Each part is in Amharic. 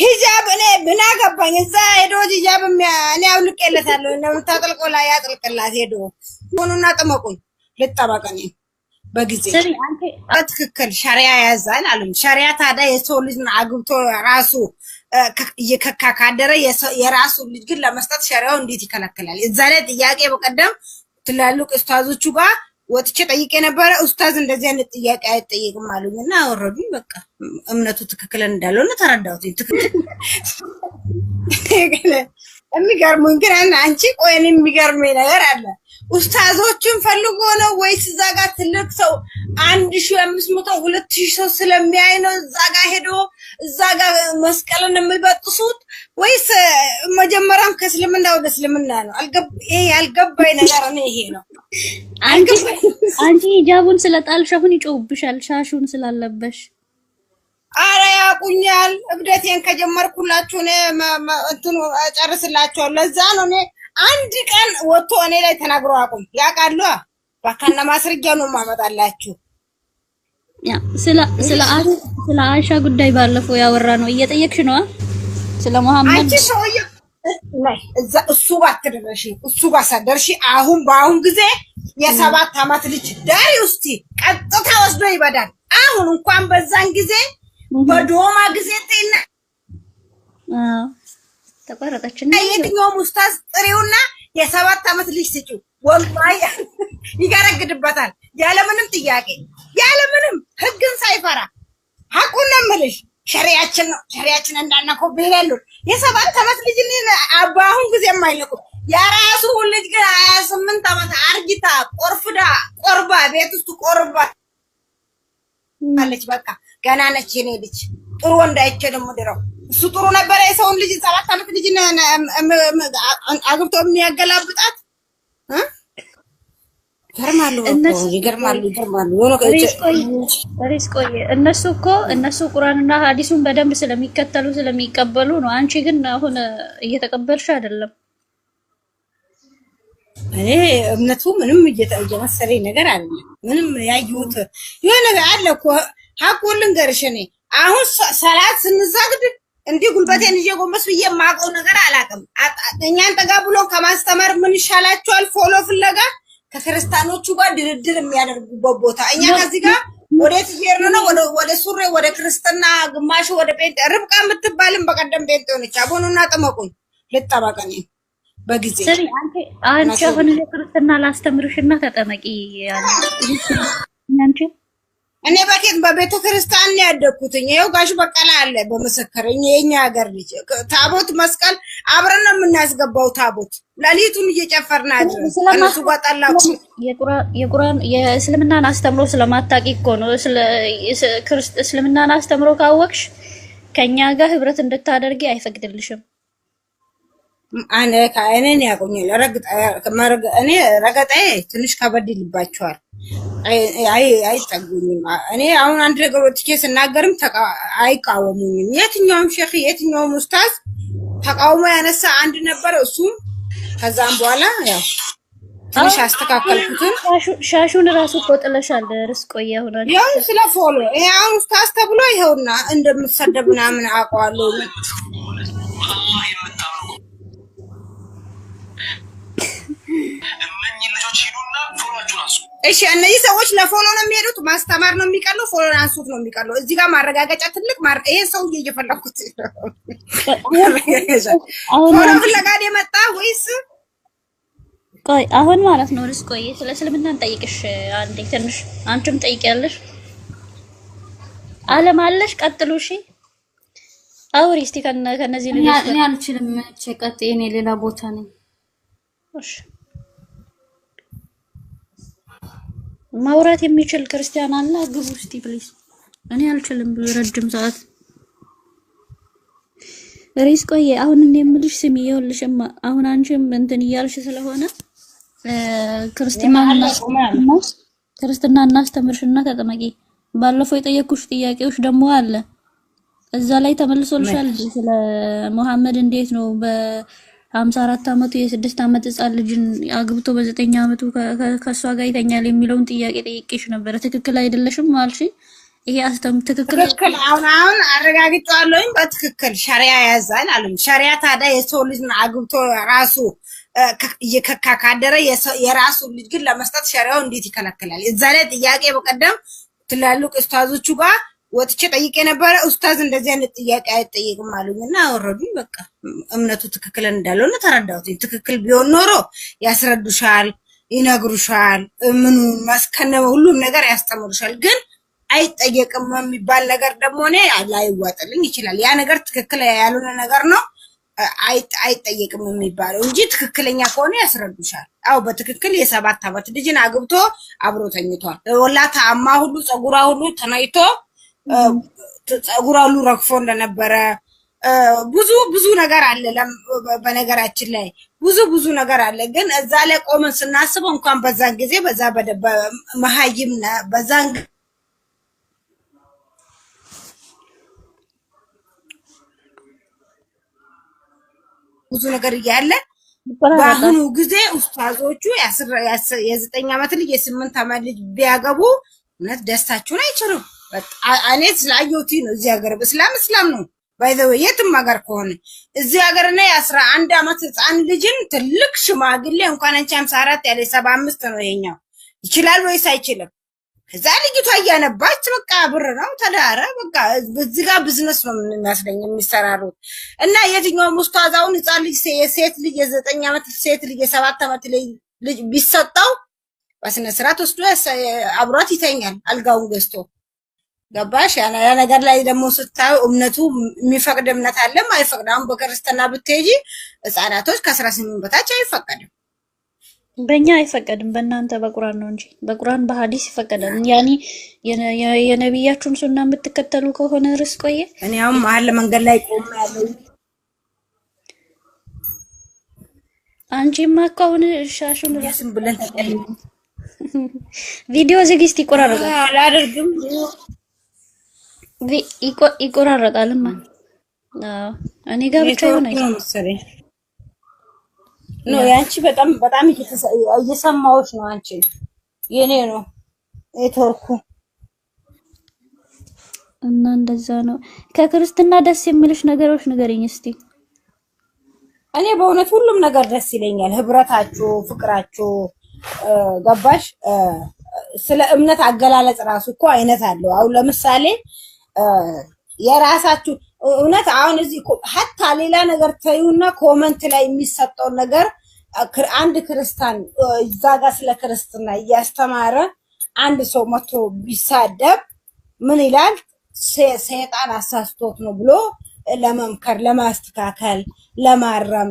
ሂጃብ እኔ ምን አገባኝ? እዛ ሄዶ ሂጃብ እኔ አውልቄለታለሁ። እንደምታጠልቆ ላይ ያጥልቅላት ሄዶ ሆኑና ጥመቁኝ ልጠበቅ በጊዜ በትክክል ሸሪያ ያዛል አሉ። ሸሪያ ታዲያ የሰው ልጅ አግብቶ ራሱ እየከካ ካደረ የራሱ ልጅ ግን ለመስጠት ሸሪያው እንዴት ይከለክላል? እዛ ላይ ጥያቄ በቀደም ትላልቅ ኡስታዞቹ ጋር ወጥቼ ጠይቄ ነበረ። ኡስታዝ እንደዚህ አይነት ጥያቄ አይጠየቅም አሉኝ እና አወረዱኝ። በቃ እምነቱ ትክክል እንዳለሆነ ተረዳሁት። ትክክል የሚገርሙኝ ግን አንቺ ቆይን የሚገርመኝ ነገር አለ ኡስታዞችን ፈልጎ ነው ወይስ እዛ ጋር ትልቅ ሰው አንድ ሺ አምስት መቶ ሁለት ሺ ሰው ስለሚያይ ነው እዛ ጋር ሄዶ እዛ ጋር መስቀልን የሚበጥሱት ወይስ መጀመሪያም ከእስልምና ወደ እስልምና ነው? ይሄ ያልገባኝ ነገር እኔ ይሄ ነው። አንቺ ሂጃቡን ስለጣልሽ አሁን ይጮውብሻል፣ ሻሹን ስላለበሽ። አረ ያቁኛል። እብደቴን ከጀመርኩላችሁ እኔ እንትን ጨርስላችኋል። ለዛ ነው እኔ አንድ ቀን ወጥቶ እኔ ላይ ተናግሮ አቁም ያውቃሉ። ባካና ማስረጃ ነው ማመጣላችሁ። ስለ አሻ ጉዳይ ባለፈው ያወራ ነው እየጠየቅሽ ነዋ። ስለ መሐመድ እሱ ጋር እሱ አሁን በአሁን ጊዜ የሰባት ዓመት ልጅ ዳሪ ቀጥታ ወስዶ ይበዳል። አሁን እንኳን በዛን ጊዜ በዶማ ጊዜ ጤና ተቋረጠችና የትኛውም ኡስታዝ ጥሪውና የሰባት ዓመት ልጅ ስጪው ወላሂ ይገረግድበታል። ያለምንም ጥያቄ ያለምንም ህግን ሳይፈራ ሐቁን ነው የምልሽ። ሸሪያችን ነው ሸሪያችን እንዳናኮብህ ይላሉ። የሰባት ዓመት ልጅ በአሁን ጊዜ የማይለቁ የራሱ ልጅ ግን ሀያ ስምንት ዓመት አርጅታ ቆርፍዳ ቆርባ ቤት ውስጥ ቆርባ አለች። በቃ ገና ነች የኔ ልጅ ጥሩ ወንዳይቼ ደግሞ ድረው እሱ ጥሩ ነበረ። የሰውን ልጅ ሰባት ዓመት ልጅ አግብቶ የሚያገላብጣት ይገርማሉ፣ ይገርማሉ፣ እነሱ እኮ እነሱ ቁራንና ሀዲሱን በደንብ ስለሚከተሉ ስለሚቀበሉ ነው። አንቺ ግን አሁን እየተቀበልሽ አይደለም። እኔ እምነቱ ምንም እየመሰለኝ ነገር አለ። ምንም ያየሁት የሆነ አለ እኮ ሀቁን ልንገርሽ። እኔ አሁን ሰላት ስንሰግድ እንዲህ ጉልበቴን ይዤ ጎንበስ ብዬ የማውቀው ነገር አላውቅም። እኛን ጠጋ ብሎ ከማስተማር ምን ይሻላቸዋል? ፎሎ ፍለጋ ከክርስቲያኖቹ ጋር ድርድር የሚያደርጉበት ቦታ እኛ ከዚህ ጋር ወደ ትሄድ ነው ወደ ሱሬ ወደ ክርስትና ግማሽ ወደ ጴንጤ ርብቃ የምትባልም በቀደም ጴንጤ ሆነች። አቡኑና ጥመቁኝ ልጠበቅኝ በጊዜ አንቺ አሁን ክርስትና ላስተምርሽና ተጠመቂ ያንቺ እኔ በኬት በቤተ ክርስቲያን ነው ያደግኩትኝ። ይኸው ጋሹ በቀላ አለ በመሰከረኝ የኛ ሀገር ልጅ ታቦት መስቀል አብረን ነው የምናስገባው። ታቦት ለሊቱን እየጨፈርን እነሱ የእስልምናን አስተምሮ ስለማታቂ እኮ ነው። እስልምናን አስተምሮ ካወቅሽ ከእኛ ጋር ህብረት እንድታደርጊ አይፈቅድልሽም። እኔን ያቆኛል። እኔ ረገጣዬ ትንሽ ከበድ ይልባቸዋል። አይጠጉኝም። እኔ አሁን አንድ ነገር ወጥቼ ስናገርም አይቃወሙኝም። የትኛውም ሼክ የትኛውም ኡስታዝ ተቃውሞ ያነሳ አንድ ነበር። እሱም ከዛም በኋላ ያው ትንሽ አስተካከልኩትን። ሻሹን ራሱ እኮ ጥለሻል። ርስቆዬ ይሆናል ያው ስለ ፎሎ አሁን ኡስታዝ ተብሎ ይኸውና እንደምትሰደብ ምናምን አውቀዋለሁ እሺ እነዚህ ሰዎች ለፎሎ ነው የሚሄዱት። ማስተማር ነው የሚቀለው፣ ፎሎ አንሱት ነው የሚቀለው። እዚህ ጋር ማረጋገጫ ትልቅ ማር ይሄ ሰውዬ እየፈለኩት ፎሎ ፍለጋድ የመጣ ወይስ ቆይ አሁን ማለት ነው። ልስ ቆይ ስለ እስልምና እንጠይቅሽ አንዴ ትንሽ አንቺም ጠይቂያለሽ። አለም አለሽ ቀጥሉ። እሺ አውሪ እስቲ ከነዚህ ልጅ እኔ አልችልም። ቀጥ እኔ ሌላ ቦታ ነኝ። እሺ ማውራት የሚችል ክርስቲያን አለ? ግቡ እስቲ ፕሊዝ። እኔ አልችልም ረጅም ሰዓት ሪስ። ቆየ። አሁን እኔ የምልሽ ስሚ፣ ይኸውልሽም አሁን አንቺም እንትን እያልሽ ስለሆነ ክርስትና እናስተምርሽና ተጠመቂ። ባለፈው የጠየኩሽ ጥያቄዎች ደግሞ አለ እዛ ላይ ተመልሶልሻል። ስለ መሐመድ እንዴት ነው በ አምሳ አራት አመቱ የስድስት አመት ህጻን ልጅን አግብቶ በዘጠኝ አመቱ ከእሷ ጋር ይተኛል የሚለውን ጥያቄ ጠይቄሽ ነበረ። ትክክል አይደለሽም አልሽ። ይሄ አስተም ትክክል ትክክል። አሁን አሁን አረጋግጫለሁኝ በትክክል ሸሪያ ያዛል አሉ። ሸሪያ ታዲያ የሰው ልጅ አግብቶ ራሱ ካደረ የራሱ ልጅ ግን ለመስጠት ሸሪያው እንዴት ይከለክላል? እዛ ላይ ጥያቄ በቀደም ትላልቅ ኡስታዞቹ ጋር ወጥቼ ጠይቄ ነበረ። ኡስታዝ እንደዚህ አይነት ጥያቄ አይጠየቅም አሉኝ እና አወረዱኝ። በቃ እምነቱ ትክክል እንዳልሆነ ተረዳሁትኝ። ትክክል ቢሆን ኖሮ ያስረዱሻል፣ ይነግሩሻል፣ ምኑ ማስከነበ ሁሉም ነገር ያስተምሩሻል። ግን አይጠየቅም የሚባል ነገር ደግሞ እኔ ላይዋጥልኝ ይችላል። ያ ነገር ትክክል ያልሆነ ነገር ነው አይጠየቅም የሚባለው እንጂ ትክክለኛ ከሆነ ያስረዱሻል። አው በትክክል የሰባት አመት ልጅን አግብቶ አብሮ ተኝቷል። ወላታ አማ ሁሉ ጸጉሯ ሁሉ ተናይቶ ጸጉር ሁሉ ረግፎ እንደነበረ ብዙ ብዙ ነገር አለ። በነገራችን ላይ ብዙ ብዙ ነገር አለ። ግን እዛ ላይ ቆመን ስናስበው እንኳን በዛን ጊዜ በዛ መሀይም በዛን ብዙ ነገር እያለ በአሁኑ ጊዜ ኡስታዞቹ የዘጠኝ ዓመት ልጅ የስምንት ዓመት ልጅ ቢያገቡ እውነት ደስታችሁን አይችሉም። እኔ ስለአየሁት ነው። እዚህ ሀገር እስላም እስላም ነው። ባይዘው የትም ሀገር ከሆነ እዚህ ሀገር ነው። የአስራ አንድ አመት ህፃን ልጅም ትልቅ ሽማግሌ እንኳን አንቺ ሀምሳ አራት ያለ ሰባ አምስት ነው የኛው ይችላል ወይስ አይችልም? ከዛ ልጅቷ እያነባች በቃ ብር ነው ተዳረ በቃ እዚህ ጋር ቢዝነስ ነው የሚመስለኝ የሚሰራሩት። እና የትኛውም ውስታዛውን ህፃን ልጅ የሴት ልጅ የዘጠኝ አመት ሴት ልጅ የሰባት አመት ልጅ ቢሰጠው በስነስርዓት ወስዶ አብሯት ይተኛል አልጋውን ገዝቶ ገባሽ? ያ ነገር ላይ ደግሞ ስታዩ እምነቱ የሚፈቅድ እምነት አለም አይፈቅድ። አሁን በክርስትና ብትሄጂ ህጻናቶች ከአስራ ስምንት በታች አይፈቀድም። በእኛ አይፈቀድም፣ በእናንተ በቁራን ነው እንጂ በቁራን በሀዲስ ይፈቀዳል። ያኔ የነቢያችሁን ሱና የምትከተሉ ከሆነ ርስ ቆየ እኔ አሁን መሀል መንገድ ላይ ቆማ ያለው አንቺማ እኮ አሁን ሻሹን ቪዲዮ ዝግጅት ይቆራረጋል አላደርግም ይቆራረጣልማ። እኔ ጋር ብቻ ሆነ ነው ያንቺ። በጣም በጣም እየሰማሁሽ ነው አንቺ። የኔ ነው ኔትወርኩ እና እንደዛ ነው። ከክርስትና ደስ የሚልሽ ነገሮች ንገረኝ እስቲ። እኔ በእውነት ሁሉም ነገር ደስ ይለኛል። ህብረታችሁ፣ ፍቅራችሁ ገባሽ። ስለ እምነት አገላለጽ ራሱ እኮ አይነት አለው። አሁን ለምሳሌ የራሳችሁ እውነት አሁን እዚህ ሀታ ሌላ ነገር ተዩና ኮመንት ላይ የሚሰጠው ነገር አንድ ክርስቲያን እዛ ጋር ስለ ክርስትና እያስተማረ አንድ ሰው መቶ ቢሳደብ ምን ይላል? ሰይጣን አሳስቶት ነው ብሎ ለመምከር፣ ለማስተካከል፣ ለማረም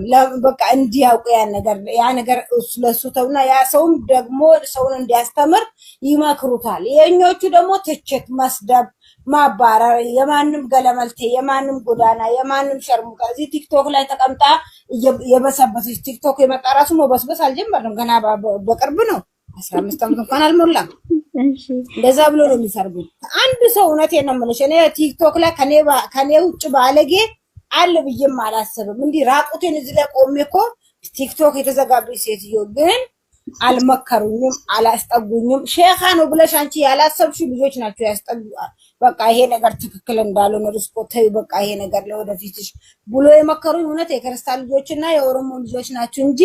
በቃ እንዲያውቁ ያ ነገር ያ ነገር ለሱ ተውና ያ ሰውም ደግሞ ሰውን እንዲያስተምር ይመክሩታል። የኞቹ ደግሞ ትችት መስደብ ማባረር የማንም ገለመልቴ የማንም ጎዳና የማንም ሸርሙ እዚህ ቲክቶክ ላይ ተቀምጣ የበሰበሰች ቲክቶክ የመጣ ራሱ መበስበስ አልጀመርም ገና በቅርብ ነው። አስራ አምስት ዓመት እንኳን አልሞላም። እንደዛ ብሎ ነው የሚሰርጉ። አንድ ሰው እውነቴ ነው የምልሽ እኔ ቲክቶክ ላይ ከኔ ውጭ ባለጌ አለ ብዬም አላስብም። እንዲህ ራቁቴን እዚህ ላይ ቆሜ እኮ ቲክቶክ የተዘጋቢ ሴትዮ ግን አልመከሩኝም፣ አላስጠጉኝም። ሼኻ ነው ብለሽ አንቺ ያላሰብሽ ልጆች ናቸው ያስጠጉ በቃ ይሄ ነገር ትክክል እንዳልሆነ ርስቆ ተይ በቃ ይሄ ነገር ለወደፊትሽ ብሎ የመከሩኝ እውነት የክርስቲያን ልጆች እና የኦሮሞ ልጆች ናቸው እንጂ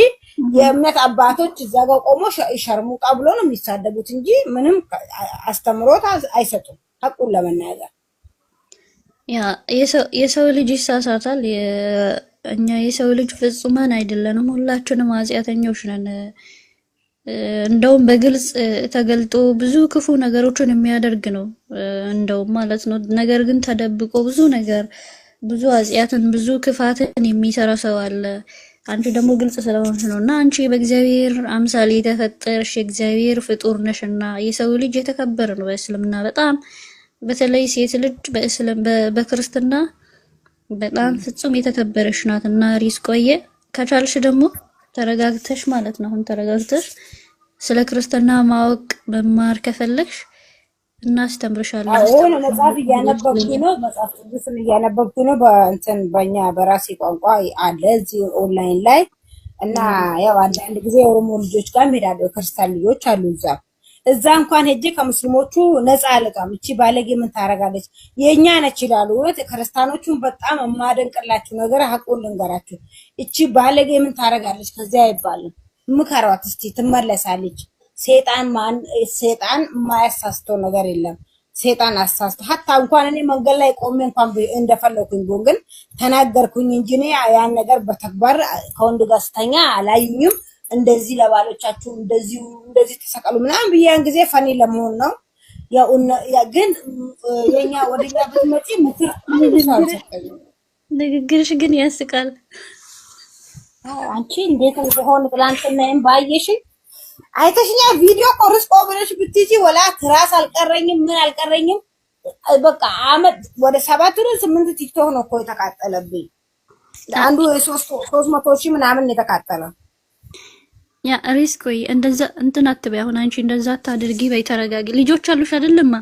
የእምነት አባቶች እዛ ጋ ቆሞ ሸርሙቃ ብሎ ነው የሚሳደቡት እንጂ ምንም አስተምሮት አይሰጡም። ሀቁን ለመናገር ያ የሰው ልጅ ይሳሳታል። እኛ የሰው ልጅ ፍጹማን አይደለንም። ሁላችንም ኃጢአተኞች ነን። እንደውም በግልጽ ተገልጦ ብዙ ክፉ ነገሮችን የሚያደርግ ነው እንደውም ማለት ነው። ነገር ግን ተደብቆ ብዙ ነገር ብዙ አጽያትን ብዙ ክፋትን የሚሰራ ሰው አለ። አንቺ ደግሞ ግልጽ ስለሆንሽ ነው እና አንቺ በእግዚአብሔር አምሳል የተፈጠርሽ የእግዚአብሔር ፍጡር ነሽ እና የሰው ልጅ የተከበረ ነው በእስልምና በጣም በተለይ ሴት ልጅ በእስልም በክርስትና በጣም ፍጹም የተከበረሽ ናት እና ሪስቆየ ከቻልሽ ደግሞ ተረጋግተሽ ማለት ነው። አሁን ተረጋግተሽ ስለ ክርስትና ማወቅ መማር ከፈለግሽ እናስተምርሻለን። አሁን መጽሐፍ እያነበብኩ ነው፣ መጽሐፍ ቅዱስን እያነበብኩ ነው። በእንትን በእኛ በራሴ ቋንቋ አለ እዚህ ኦንላይን ላይ እና ያው አንዳንድ ጊዜ የኦሮሞ ልጆች ጋር ሄዳለሁ። ክርስቲያን ልጆች አሉ እዛ እዛ እንኳን ሄጄ ከሙስሊሞቹ ነፃ አልወጣም። እቺ ባለጌ ምን ታረጋለች? የእኛ ነች ይላሉ። እውነት ክርስቲያኖቹን በጣም የማደንቅላችሁ ነገር ሀቁን ልንገራችሁ። እቺ ባለጌ ምን ታረጋለች? ከዚያ አይባልም። ምከሯት እስቲ ትመለሳለች። ሴጣን ማን ሴጣን የማያሳስተው ነገር የለም። ሴጣን አሳስቶ ሀታ እንኳን እኔ መንገድ ላይ ቆሜ እንኳን እንደፈለኩኝ ግን ተናገርኩኝ እንጂ እኔ ያን ነገር በተግባር ከወንድ ጋር ስተኛ አላዩኝም። እንደዚህ ለባሎቻችሁ እንደዚሁ እንደዚህ ተሰቀሉ ምናምን ብዬ ያን ጊዜ ፈኒ ለመሆን ነው። ግን የኛ ወደኛ ብትመጪ ምክር ንግግርሽ ግን ያስቃል። አንቺ እንዴት እንደሆነ ትላንትናይም ባየሽ አይተሽኛ ቪዲዮ ቆርስ ቆብረሽ ብትጂ ወላ ትራስ አልቀረኝም ምን አልቀረኝም። በቃ አመት ወደ ሰባት ወደ ስምንት ቲክቶክ ነው እኮ የተቃጠለብኝ። አንዱ ሶስት መቶ ሺህ ምናምን የተቃጠለ ያ ሪስክ ወይ እንደዛ እንትን አትበይ። አሁን አንቺ እንደዛ አታድርጊ በይ፣ ተረጋጊ። ልጆች አሉሽ አይደለማ?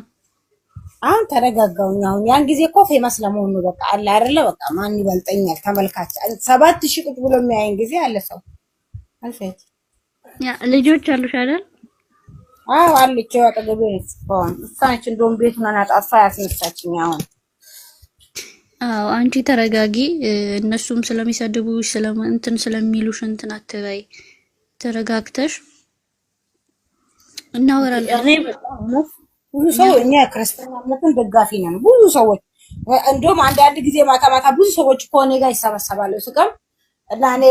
አሁን ተረጋጋውኝ። አሁን ያን ጊዜ እኮ ፌመስ ነው በቃ አለ አይደለ? በቃ ማን ይበልጠኛል ተመልካች ሰባት ሺህ ቁጭ ብሎ የሚያየን ጊዜ አለ ሰው አልፈት። ያ ልጆች አሉሽ አይደል? አዎ አለች። አጠገቤ እስካሁን እሷ ነች እንደውም ቤት ምን አጣፋ ያስነሳችኝ አሁን አዎ አንቺ ተረጋጊ። እነሱም ስለሚሰድቡሽ ስለምን እንትን ስለሚሉሽ እንትን አትበይ። ተረጋግተሽ እናወራለን። ብዙ ሰው እኛ ክርስትና እምነትን ደጋፊ ነን። ብዙ ሰዎች እንደውም አንዳንድ ጊዜ ማታ ማታ ብዙ ሰዎች ከሆነ ጋር ይሰበሰባሉ ስቀም እና እኔ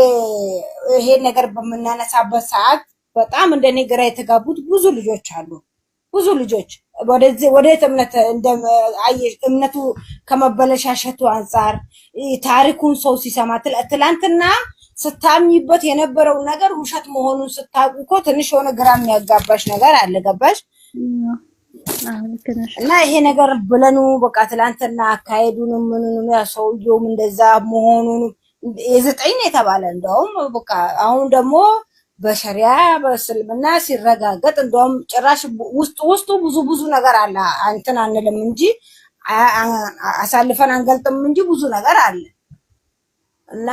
ይሄ ነገር በምናነሳበት ሰዓት በጣም እንደኔ ግራ የተጋቡት ብዙ ልጆች አሉ። ብዙ ልጆች ወደዚህ ወዴት እምነት እምነቱ ከመበለሻሸቱ አንጻር ታሪኩን ሰው ሲሰማ ትላንትና ስታምኝበት የነበረው ነገር ውሸት መሆኑን ስታውቁ እኮ ትንሽ የሆነ ግራ የሚያጋባሽ ነገር አለ። ገባሽ? እና ይሄ ነገር ብለኑ በቃ ትላንትና አካሄዱንም ምኑንም ያ ሰውየውም እንደዛ መሆኑንም የዘጠኝ ነው የተባለ እንደውም በቃ አሁን ደግሞ በሸሪያ በእስልምና ሲረጋገጥ እንደውም ጭራሽ ውስጡ ውስጡ ብዙ ብዙ ነገር አለ። እንትን አንልም እንጂ አሳልፈን አንገልጥም እንጂ ብዙ ነገር አለ። እና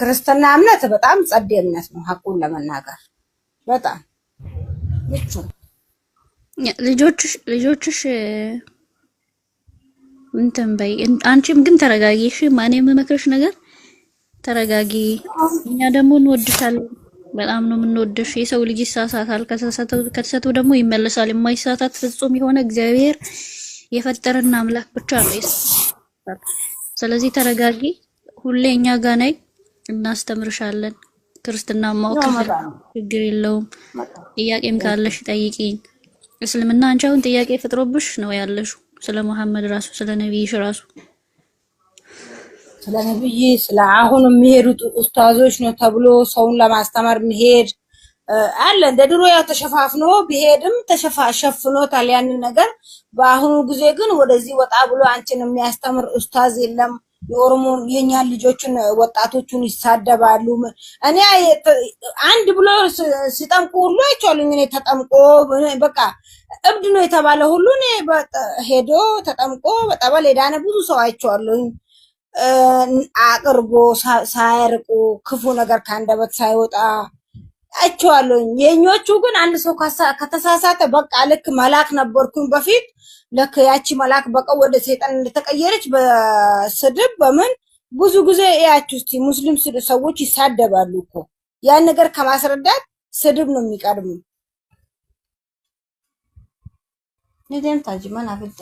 ክርስትና እምነት በጣም ጸዴ እምነት ነው። ሀቁን ለመናገር በጣም ምቹ ልጆችሽ ልጆችሽ እንትን በይ። አንቺም ግን ተረጋጊ እሺ። ማን የምመክርሽ ነገር ተረጋጊ። እኛ ደግሞ እንወድሻለን፣ በጣም ነው የምንወድሽ። የሰው ልጅ ይሳሳታል። ከተሳሳተው ደግሞ ይመለሳል። የማይሳሳት ፍጹም የሆነ እግዚአብሔር የፈጠረና አምላክ ብቻ ነው። ስለዚህ ተረጋጊ። ሁሌ እኛ ጋ ነይ እናስተምርሻለን። ክርስትና ማወቅ ችግር የለውም። ጥያቄም ካለሽ ጠይቂኝ። እስልምና አንቺ አሁን ጥያቄ ፈጥሮብሽ ነው ያለሹ ስለ መሐመድ ራሱ ስለ ነቢይሽ ራሱ ስለ ነቢይ ስለ አሁን የሚሄዱት ኡስታዞች ነው ተብሎ ሰውን ለማስተማር መሄድ አለ። እንደ ድሮ ያው ተሸፋፍኖ ቢሄድም ተሸፍኖታል ያንን ነገር። በአሁኑ ጊዜ ግን ወደዚህ ወጣ ብሎ አንቺን የሚያስተምር ኡስታዝ የለም። የኦሮሞ የኛን ልጆችን ወጣቶቹን ይሳደባሉ። እኔ አንድ ብሎ ሲጠምቁ ሁሉ አይቻሉኝ። እኔ ተጠምቆ በቃ እብድ ነው የተባለ ሁሉ እኔ ሄዶ ተጠምቆ በጠበል የዳነ ብዙ ሰው አይቼዋለሁኝ። አቅርቦ ሳያርቁ ክፉ ነገር ከአንደበት ሳይወጣ አይቼዋለሁኝ። የእኞቹ ግን አንድ ሰው ከተሳሳተ በቃ ልክ መላክ ነበርኩኝ በፊት ልክ ያቺ መላክ በቃ ወደ ሰይጣን እንደተቀየረች በስድብ በምን ብዙ ጊዜ ያችሁ እስቲ ሙስሊም ሰዎች ይሳደባሉ እኮ ያን ነገር ከማስረዳት ስድብ ነው የሚቀድሙ። ለደም ታጅማን አብልጣ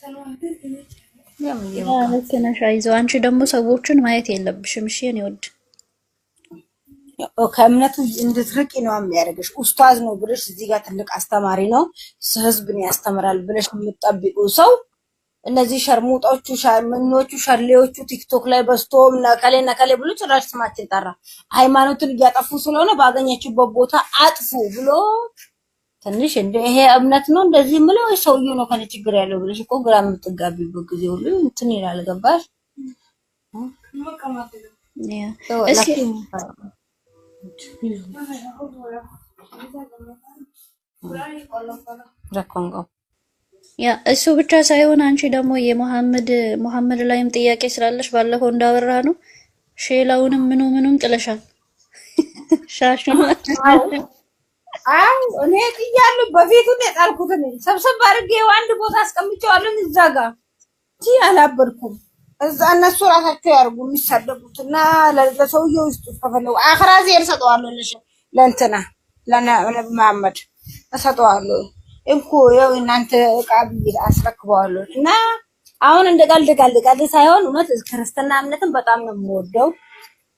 ሰላም አይዞ። አንቺ ደግሞ ሰዎችን ማየት የለብሽም። እሺ እኔ ወድ ከእምነቱ እንድትርቂ ነው የሚያደርግሽ። ኡስታዝ ነው ብለሽ እዚህ ጋር ትልቅ አስተማሪ ነው ህዝብን ያስተምራል ብለሽ የምጠብቁ ሰው እነዚህ ሸርሙጦቹ፣ ምኖቹ፣ ሸርሌዎቹ ቲክቶክ ላይ በስቶም ነከሌ ነከሌ ብሎ ጭራሽ ስማችን ጠራ። ሃይማኖትን እያጠፉ ስለሆነ ባገኘችበት ቦታ አጥፉ ብሎ ትንሽ እንደ ይሄ እምነት ነው እንደዚህ የምለው ወይ ሰውዬው ነው ከነ ችግር ያለው ብለሽ እኮ ግራ የምትጋቢበት ጊዜ ሁሉ እንትን ይላል። ገባሽ? እሱ ብቻ ሳይሆን አንቺ ደግሞ የመሐመድ መሐመድ ላይም ጥያቄ ስላለሽ ባለፈው እንዳወራ ነው። ሼላውንም ምኑ ምኑም ጥለሻል። ሻሹ አይ እኔ ጥያሉ ጥያለሁ። በፊቱን የጣልኩትን ሰብሰብ አድርጌ አንድ ቦታ አስቀምጬዋለሁ። እዛ ጋር አላበድኩም። እዛ እነሱ ራሳቸው ያርጉ የሚሳደቡት እና ለሰውየው ውስጡ ከፈለጉ አክራ ዜር ለእንትና ለነብ መሐመድ እሰጠዋለሁ። እንኩ ይኸው እናንተ እቃ ብዬ አስረክበዋለሁ። እና አሁን እንደ ቀልድ ቀልድ ቀልድ ሳይሆን እውነት ክርስትና እምነትን በጣም ነው የምወደው።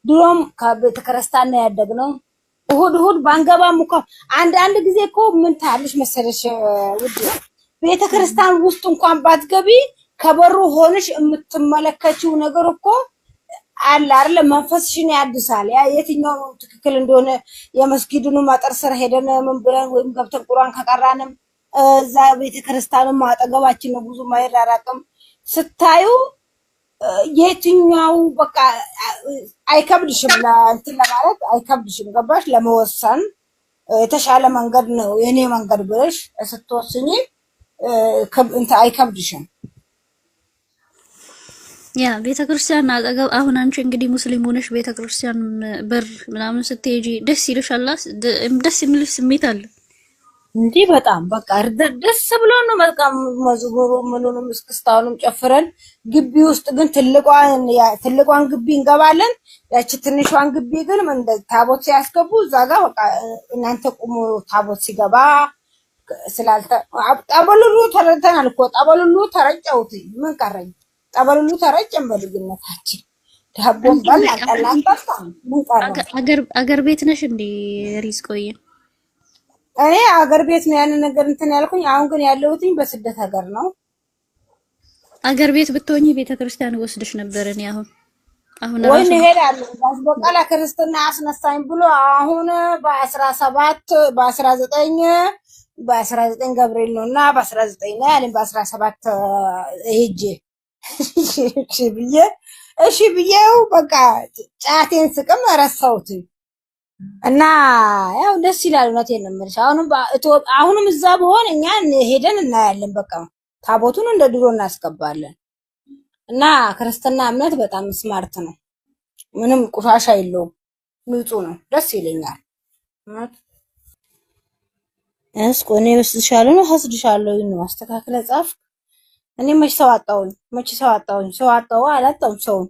ድሮም ከቤተ ክርስቲያን ነው ያደግነው። እሁድ እሁድ ባንገባም እኮ አንዳንድ ጊዜ እኮ ምን ታያለሽ መሰለሽ ውድ ቤተ ክርስቲያን ውስጥ እንኳን ባትገቢ ከበሩ ሆነሽ የምትመለከችው ነገር እኮ አለ አይደለ? መንፈስሽን ያድሳል። ያ የትኛው ትክክል እንደሆነ የመስጊዱን አጥር ስር ሄደን ምን ብለን ወይም ገብተን ቁርአን ከቀራንም እዛ ቤተክርስቲያኑ አጠገባችን ነው፣ ብዙ አይራራቅም። ስታዩ የትኛው በቃ አይከብድሽም፣ እንትን ለማለት አይከብድሽም። ገባሽ? ለመወሰን የተሻለ መንገድ ነው የኔ መንገድ ብለሽ ስትወስኝ አይከብድሽም። ያ ቤተክርስቲያን አጠገብ አሁን አንቺ እንግዲህ ሙስሊም ሆነሽ ቤተክርስቲያን በር ምናምን ስትሄጂ ደስ ይልሻል። ደስ የሚልሽ ስሜት አለ እንዴ? በጣም በቃ ደስ ብሎ ነው። በጣም መዝሙሩ ምኑንም እስክስታውንም ጨፍረን ግቢ ውስጥ ግን ትልቋን ትልቋን ግቢ እንገባለን። ያቺ ትንሿን ግቢ ግን እንደ ታቦት ሲያስገቡ እዛ ጋር በቃ እናንተ ቁሙ። ታቦት ሲገባ ስላልተ ጠበሉሉ ተረድተናል እኮ ጠበሉሉ ተረጨውት ምን ቀረኝ ጠበሉ ተረጨም በልዩነታችን። ዳቦን ባል አቀላን አገር ቤት ነሽ እንዴ ሪስቆዬ? እኔ አገር ቤት ነው ያንን ነገር እንትን ያልኩኝ። አሁን ግን ያለሁትኝ በስደት ሀገር ነው። አገር ቤት ብትሆኚ ቤተ ክርስቲያን ወስድሽ ነበር። እኔ አሁን አሁን ወይ እሄዳለሁ። በቃላ ክርስትና አስነሳኝ ብሎ አሁን በአስራ ሰባት በአስራ ዘጠኝ በአስራ ዘጠኝ ገብርኤል ነውና በአስራ ዘጠኝ ነው ያለኝ በአስራ ሰባት ሄጄ እሺ ብዬ እሺ ብዬው በቃ ጫቴን ስቅም ረሳሁት እና ያው ደስ ይላል። እውነቴን ነው የምልሽ። አሁንም አሁንም እዛ በሆን እኛ ሄደን እናያለን። በቃ ታቦቱን እንደ ድሮ እናስገባለን። እና ክርስትና እምነት በጣም ስማርት ነው። ምንም ቁሻሻ የለውም። ንጹህ ነው። ደስ ይለኛል። እስቆኔ ወስድሻለሁ ነው ወስድሻለሁ ነው አስተካክለ ጻፍ እኔ መች ሰው አጣሁኝ? መች ሰው አጣሁኝ? ሰው አጣሁ አላጣሁም ሰውን